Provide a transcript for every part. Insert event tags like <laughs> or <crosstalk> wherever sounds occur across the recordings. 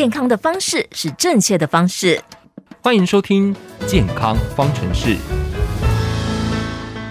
健康的方式是正確的方式。歡迎收聽《健康方程式》。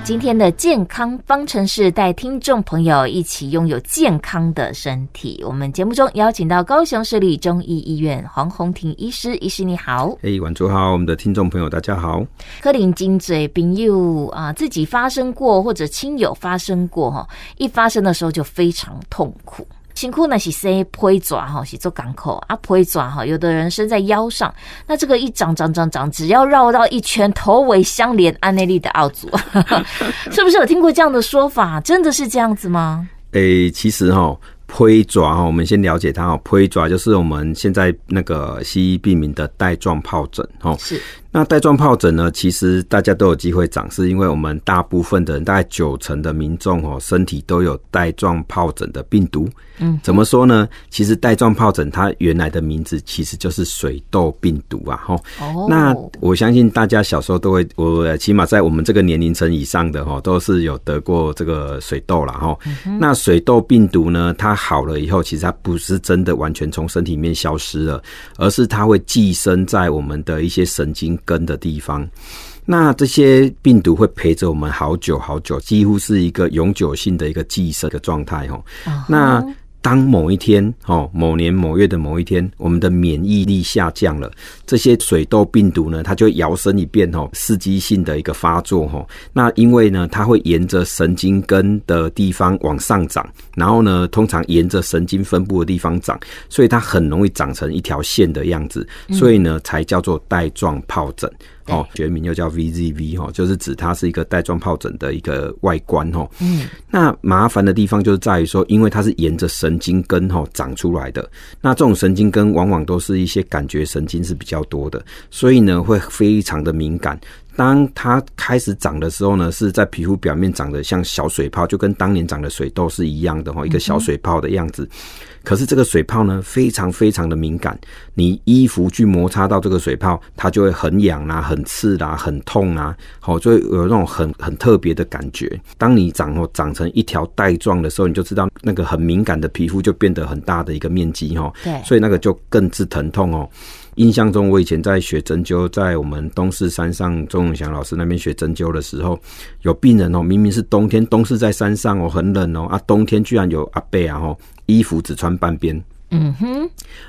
今天的《健康方程式》帶聽眾朋友一起擁有健康的身體。我們節目中邀請到高雄市立中醫醫院黃宏庭醫師，醫師你好。哎，晚上好，我們的聽眾朋友大家好。柯林金嘴病友啊，自己發生過或者親友發生過哈，一發生的時候就非常痛苦。辛苦那是伸一皮蛇哈，是做港口啊，皮蛇哈，有的人生在腰上，那這個一長長長長，只要繞到一圈，頭尾相連，安內利的奧組， <laughs> 是不是有聽過這樣的說法？真的是這樣子嗎？誒、欸，其實哈，皮蛇哈，我們先了解它哈，皮蛇就是我們現在那個西醫病名的帶狀疱疹哦。是。那帶狀皰疹呢？其實大家都有機會長，是因為我們大部分的人，大概九成的民眾哦、喔，身體都有帶狀皰疹的病毒。嗯，怎麼說呢？其實帶狀皰疹它原來的名字其實就是水痘病毒啊。哈、哦，那我相信大家小時候都會，我起碼在我們這個年齡層以上的哈，都是有得過這個水痘啦。哈、嗯。那水痘病毒呢，它好了以後，其實它不是真的完全從身體裡面消失了，而是它會寄生在我們的一些神經根的地方，那這些病毒會陪着我們好久好久，幾乎是一個永久性的一個寄生的狀態哦。Uh -huh. 那。當某一天，哦，某年某月的某一天，我們的免疫力下降了，這些水痘病毒呢，它就會搖身一變，哦，刺激性的一個發作，哦，那因為呢，它會沿着神經根的地方往上長，然後呢，通常沿着神經分布的地方長，所以它很容易長成一條線的樣子，嗯，所以呢，才叫做帶狀疱疹。哦，學名又叫 VZV 哈,就是指它是一個帶狀皰疹的一個外觀哈。嗯，那麻煩的地方就是在於說，因為它是沿着神經根哈長出來的，那這種神經根往往都是一些感覺神經是比較多的，所以呢，會非常的敏感。當它開始長的時候呢，是在皮膚表面長得像小水泡，就跟當年長的水痘是一樣的哈，一個小水泡的樣子。可是這個水泡呢，非常非常的敏感，你衣服去摩擦到這個水泡，它就會很癢啊、很刺啊、很痛啊，好，就會有那種很很特別的感覺。當你長哦長成一條帶狀的時候，你就知道那個很敏感的皮膚就變得很大的一個面積哈，對，所以那個就更致疼痛哦。印象中，我以前在學針灸，在我們東勢山上鍾永祥老師那邊學針灸的時候，有病人哦、喔，明明是冬天，東勢在山上哦、喔，很冷哦、喔，啊，冬天居然有阿伯啊、喔、衣服只穿半邊。嗯哼，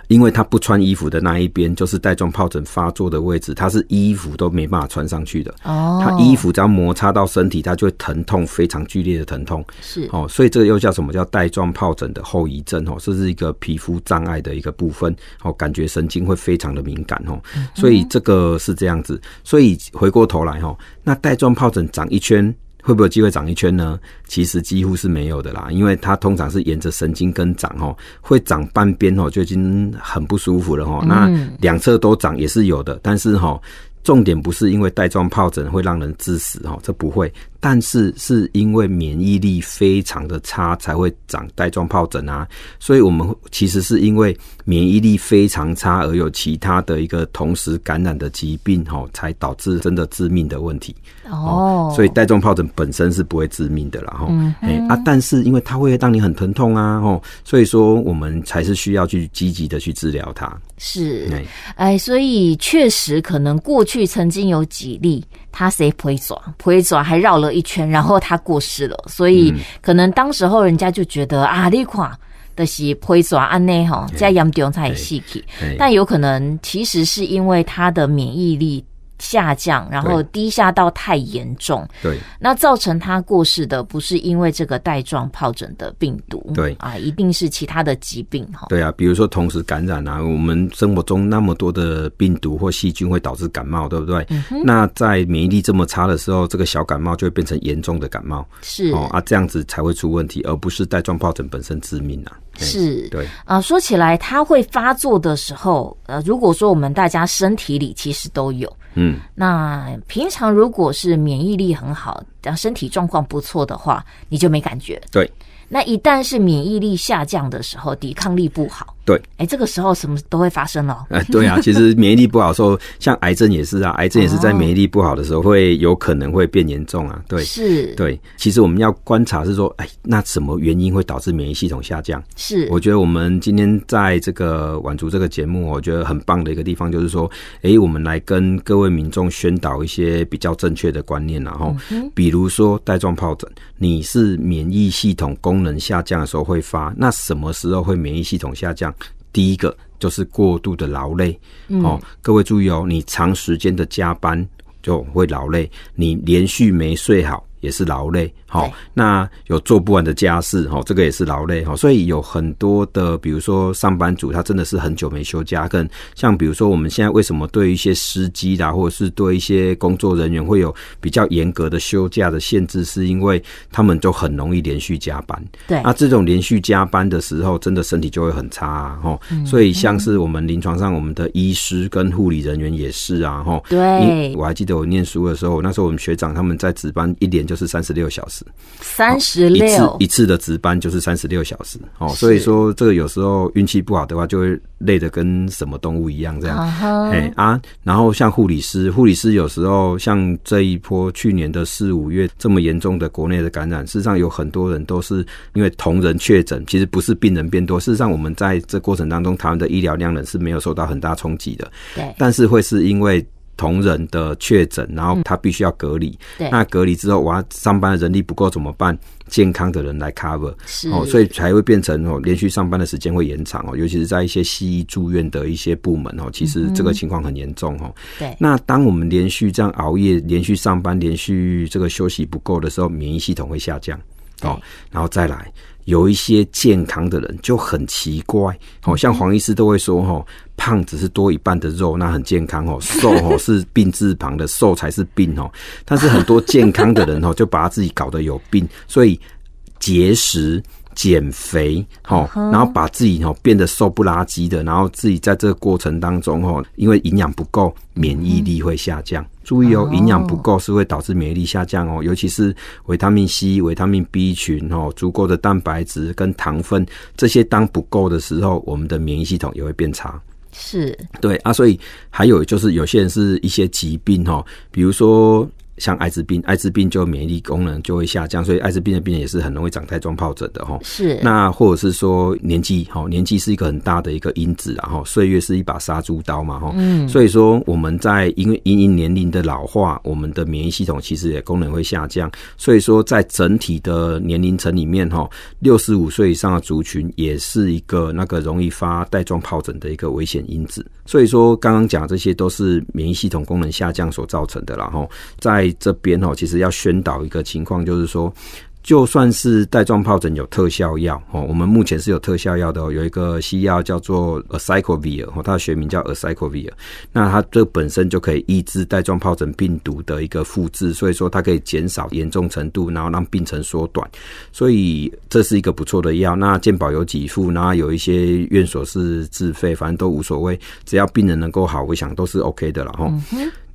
因為他不穿衣服的那一邊就是帶狀皰疹發作的位置，他是衣服都沒辦法穿上去的哦。他衣服只要摩擦到身體，他就會疼痛，非常劇烈的疼痛是哦，所以這個又叫什麼，叫帶狀皰疹的後遺症哦，這是一個皮膚障礙的一個部分哦，感覺神經會非常的敏感哦、嗯，所以這個是這樣子，所以回過頭來哈，那帶狀皰疹長一圈，會不會有機會長一圈呢？其實幾乎是沒有的啦，因為它通常是沿着神經根長吼，會長半邊吼就已經很不舒服了吼。那兩側都長也是有的，但是吼重點不是因為帶狀皰疹會讓人致死吼，這不會。但是是因為免疫力非常的差才會長帶狀皰疹啊，所以我們其實是因為免疫力非常差而有其他的一個同時感染的疾病哦，才導致真的致命的問題哦。所以帶狀皰疹本身是不會致命的啦哈，哎啊，但是因為它會讓你很疼痛啊哦，所以說我們才是需要去積極的去治療它是誒、哎，所以確實可能過去曾經有幾例。他是皮蛇，皮蛇還繞了一圈，然後他過世了，所以可能當時候人家就覺得、嗯、啊，那塊的是皮蛇啊，安內吼這樣嚴重才會死去，嘿嘿，但有可能其實是因為他的免疫力。下降，然後低下，到太嚴重對。對，那造成他過世的不是因為這個帶狀皰疹的病毒，對啊，一定是其他的疾病哈。對啊，比如說同時感染啊，我們生活中那麼多的病毒或細菌會導致感冒，對不對？嗯、那在免疫力這麼差的時候，這個小感冒就會變成嚴重的感冒，是、哦、啊，這樣子才會出問題，而不是帶狀皰疹本身致命啊。是，啊、呃，說起來，它會發作的時候，呃，如果說我們大家身體裡其實都有，嗯，那平常如果是免疫力很好，然後身體狀況不錯的話，你就沒感覺。對，那一旦是免疫力下降的時候，抵抗力不好。對，哎、欸，這個時候什麼都會發生哦。哎、欸，對啊，其實免疫力不好的時候， <laughs> 像癌症也是啊，癌症也是在免疫力不好的時候會有可能會變嚴重啊。對，是，對，其實我們要觀察是說，哎、欸，那什麼原因會導致免疫系統下降？是，我覺得我們今天在這個晚足這個節目，我覺得很棒的一個地方就是說，哎、欸，我們來跟各位民眾宣導一些比較正確的觀念，然後、嗯，比如說帶狀皰疹，你是免疫系統功能下降的時候會發，那什麼時候會免疫系統下降？第一個就是過度的勞累，嗯，哦，各位注意哦，你長時間的加班就會勞累，你連續沒睡好。也是勞累，好，那有做不完的家事，哈，這個也是勞累，哈，所以有很多的，比如說上班族，他真的是很久沒休假，跟像比如說我們現在為什麼對一些司機啦，或者是對一些工作人員會有比較嚴格的休假的限制，是因為他們就很容易連續加班，對，那這種連續加班的時候，真的身體就會很差啊，哈，所以像是我們臨床上我們的醫師跟護理人員也是啊，哈，對，因為我還記得我念書的時候，那時候我們學長他們在值班一點。就是三十六小時，三十六一次一次的值班就是三十六小時哦，所以說這個有時候運氣不好的話，就會累得跟什麼動物一樣這樣，uh -huh. 哎啊，然後像護理師，護理師有時候像這一波去年的四五月這麼嚴重的國內的感染，事實上有很多人都是因為同仁確診，其實不是病人變多，事實上我們在這過程當中，他們的醫療量能，是沒有受到很大衝擊的，對，但是會是因為。同仁的確診，然後他必須要隔離、嗯。對，那隔離之後，我要上班，人力不夠怎麼辦？健康的人來 cover 哦，所以才會變成哦，連續上班的時間會延長哦，尤其是在一些西醫住院的一些部門哦，其實這個情況很嚴重、嗯、哦。對，那當我們連續這樣熬夜、連續上班、連續這個休息不夠的時候，免疫系統會下降哦，然後再來。有一些健康的人就很奇怪，好像黃醫師都會說，胖只是多一半的肉，那很健康哦；瘦哦是病字旁的瘦才是病哦。但是很多健康的人哦，就把他自己搞得有病，所以節食。減肥，然後把自己哦變得瘦不拉嘰的，然後自己在這個過程當中，因為營養不夠，免疫力會下降。嗯。注意哦，營養不夠是會導致免疫力下降哦，尤其是維他命 C、維他命 B 群哦，足夠的蛋白質跟糖分，這些當不夠的時候，我們的免疫系統也會變差。是，對啊，所以還有就是有些人是一些疾病哦，比如說。像艾滋病，艾滋病就免疫力功能就會下降，所以艾滋病的病人也是很容易長帶狀皰疹的哈。是。那或者是說年紀，哈，年紀是一個很大的一個因子，然後歲月是一把殺豬刀嘛，哈。嗯。所以說我們在因為因，因年齡的老化，我們的免疫系統其實也功能會下降，所以說在整體的年齡層裡面，哈，六十五歲以上的族群也是一個那個容易發帶狀皰疹的一個危險因子。所以說剛剛講這些都是免疫系統功能下降所造成的，然後在。這邊哦，其實要宣導一個情況，就是說，就算是帶狀皰疹有特效藥哦，我們目前是有特效藥的，有一個西藥叫做 acyclovir，它的學名叫 acyclovir，那它這本身就可以抑制帶狀皰疹病毒的一個複製，所以說它可以減少嚴重程度，然後讓病程縮短，所以這是一個不錯的藥。那健保有給付，然後有一些院所是自費，反正都無所謂，只要病人能夠好，我想都是 OK 的了，嗯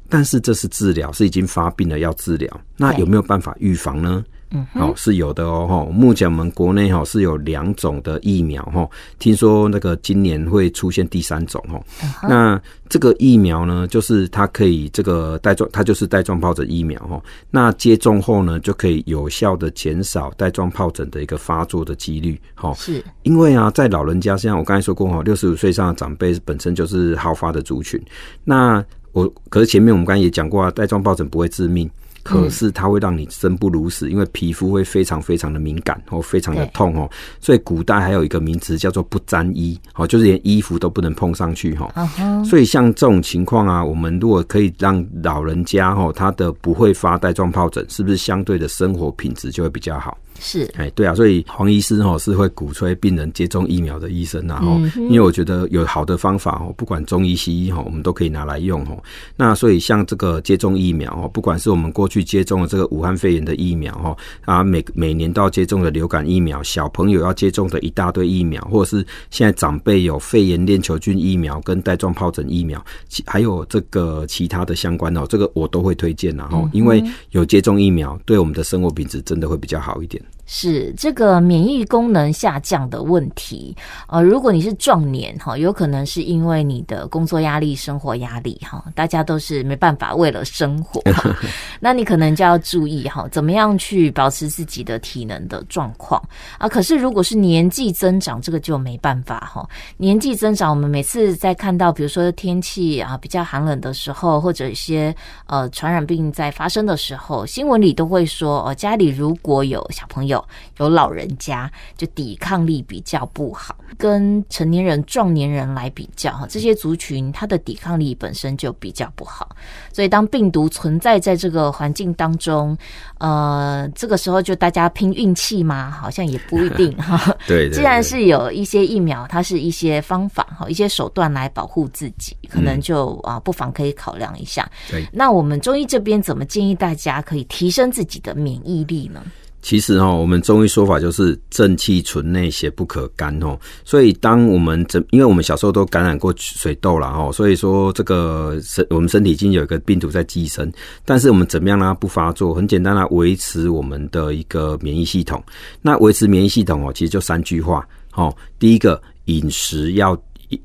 但是這是治療，是已經發病了要治療。那有沒有辦法預防呢？嗯，好、哦，是有的哦。哈，目前我們國內哈是有兩種的疫苗哈。聽說那個今年會出現第三種哈、嗯。那這個疫苗呢，就是它可以這個帶狀，它就是帶狀皰疹疫苗哈。那接種後呢，就可以有效的減少帶狀皰疹的一個發作的幾率。哈，是因為啊，在老人家，像我剛才說過哈、哦，六十五歲以上的長輩本身就是好發的族群。那我可是前面我們剛剛也講過啊，帶狀皰疹不會致命，可是它會讓你生不如死，嗯、因為皮膚會非常非常的敏感哦，非常的痛哦、喔。所以古代還有一個名詞叫做不沾衣，哦、喔，就是連衣服都不能碰上去哈、喔嗯。所以像這種情況啊，我們如果可以讓老人家哦、喔，他的不會發帶狀皰疹，是不是相對的生活品質就會比較好？是，哎，對啊，所以黃醫師吼是會鼓吹病人接種疫苗的醫生啊，吼、嗯，因為我覺得有好的方法哦，不管中醫西醫吼，我們都可以拿來用吼。那所以像這個接種疫苗哦，不管是我們過去接種的這個武漢肺炎的疫苗哦，啊每，每每年都要接種的流感疫苗，小朋友要接種的一大堆疫苗，或者是現在長輩有肺炎鏈球菌疫苗跟帶狀皰疹疫苗其，還有這個其他的相關哦，這個我都會推薦啊，吼，因為有接種疫苗，對我們的生活品質真的會比較好一點。是這個免疫功能下降的問題啊，呃！如果你是壯年哈，有可能是因為，你的工作壓力、生活壓力哈，大家都是沒辦法為了生活， <laughs> 那你可能就要注意哈，怎麼樣去保持自己的體能的狀況啊？可是如果是年紀增長，這個就沒辦法哈。年紀增長，我們每次在看到，比如說天氣啊比較寒冷的時候，或者一些呃傳染病在發生的時候，新聞裡都會說哦，家裡如果有小朋友，有老人家就抵抗力比較不好，跟成年人、壯年人來比較哈，這些族群他的抵抗力本身就比較不好，所以當病毒存在在這個環境當中，呃，這個時候就大家拼運氣嘛？好像也不一定哈。 <laughs> 對，對，既然是有一些疫苗，它是一些方法哈，一些手段來保護自己，可能就啊，不妨可以考量一下。對，那我們中醫這邊怎麼建議大家可以提升自己的免疫力呢？其實哦，我們中醫說法就是正氣存內，邪不可干哦。所以當我們怎，因為我們小時候都感染過水痘了哦，所以說這個身，我們身體已經有一個病毒在寄生。但是我們怎麼樣讓它不發作，很簡單來，維持我們的一個免疫系統。那維持免疫系統哦，其實就三句話哦。第一個，飲食要。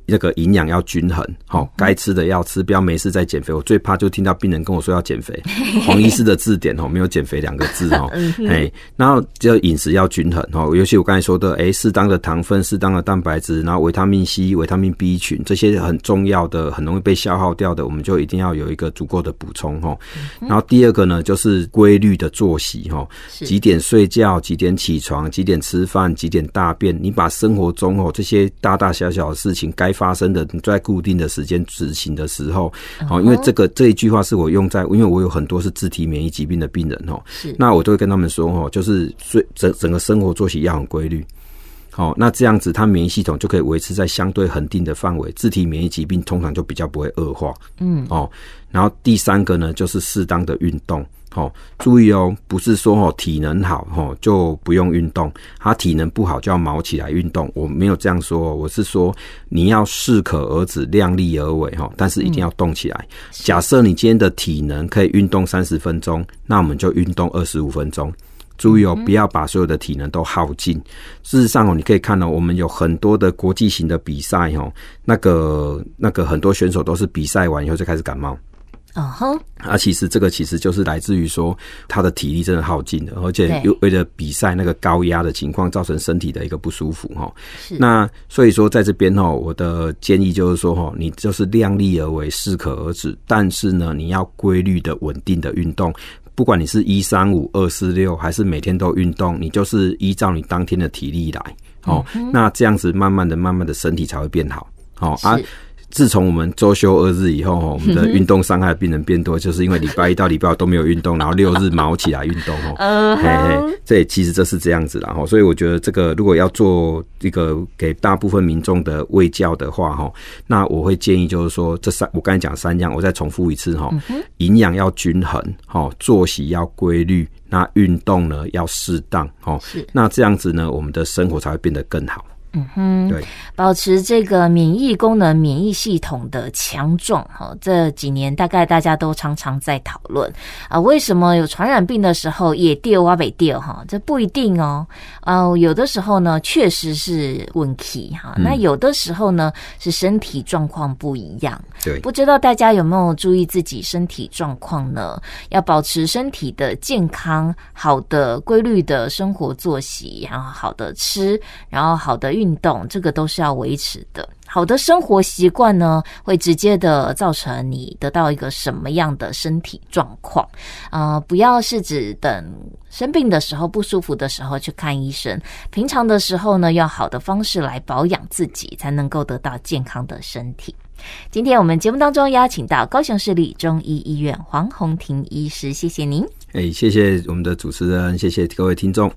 這個營養要均衡，好，該吃的要吃，不要沒事再減肥。我最怕就聽到病人跟我說要減肥。黃醫師的字典哦，沒有減肥兩個字哦、 <laughs> 欸。然後就飲食要均衡哦，尤其我剛才說的，哎、欸，適當的糖分、適當的蛋白質，然後維他命 C、維他命 B 群這些很重要的、很容易被消耗掉的，我們就一定要有一個足夠的補充哦。然後第二個呢，就是規律的作息哦，幾點睡覺、幾點起床、幾點吃飯、幾點大便，你把生活中哦這些大大小小的事情，該發生的在固定的時間執行的時候，哦，uh-huh，因為這個這一句話是我用在，因為我有很多是自體免疫疾病的病人哦，那我就會跟他們說哦，就是睡，整整個生活作息要很規律，哦，那這樣子，他免疫系統就可以維持在相對恆定的範圍，自體免疫疾病通常就比較不會惡化，嗯，哦，然後第三個呢，就是適當的運動。哦，注意哦，不是說哦體能好哦就不用運動，他體能不好就要毛起來運動。我沒有這樣說，哦，我是說你要適可而止，量力而為哈，哦。但是一定要動起來，嗯。假設你今天的體能可以運動三十分鐘，那我們就運動二十五分鐘。注意哦，嗯，不要把所有的體能都耗盡。事實上哦，你可以看到，哦，我們有很多的國際型的比賽哦，那個那個很多選手都是比賽完以後就開始感冒。哦，哈啊，其實這個其實就是來自於說他的體力真的耗盡了，而且又為了比賽那個高壓的情況，造成身體的一個不舒服哈。是那所以說在這邊哈，我的建議就是說哈，你就是量力而為，適可而止，但是呢，你要規律的、穩定的運動，不管你是一三五、二四六，還是每天都運動，你就是依照你當天的體力來哦。Uh-huh. 那這樣子慢慢的、慢慢的身體才會變好。好啊。自從我們周休二日以後，我們的運動傷害的病人變多，嗯、就是因為禮拜一到禮拜二都沒有運動，然後六日卯起來運動哦、 <laughs> 嗯。嘿這嘿其實就是這樣子啦。所以我覺得這個如果要做一個給大部分民眾的衛教的話，哈，那我會建議就是說，這三我剛才講三樣，我再重複一次哈。營養要均衡，哈，作息要規律，那運動呢要適當，哈。那這樣子呢，我們的生活才會變得更好。嗯哼，對，保持這個免疫功能、免疫系統的強壯哈，這幾年大概大家都常常在討論啊，為什麼有傳染病的時候也掉、挖北掉哈？這不一定哦，啊，有的時候呢確實是問題哈，那有的時候呢是身體狀況不一樣，對，不知道大家有沒有注意自己身體狀況呢？要保持身體的健康，好的、規律的生活作息，然後好的吃，然後好的運氣。運動這個都是要維持的，好的生活習慣呢，會直接的造成你得到一個什麼樣的身體狀況。啊、呃？不要是指等生病的時候不舒服的時候去看醫生，平常的時候呢，用好的方式來保養自己，才能夠得到健康的身體。今天我們節目當中邀請到高雄市立中醫醫院黃宏庭醫師，謝謝您。誒、哎，謝謝我們的主持人，謝謝各位聽眾。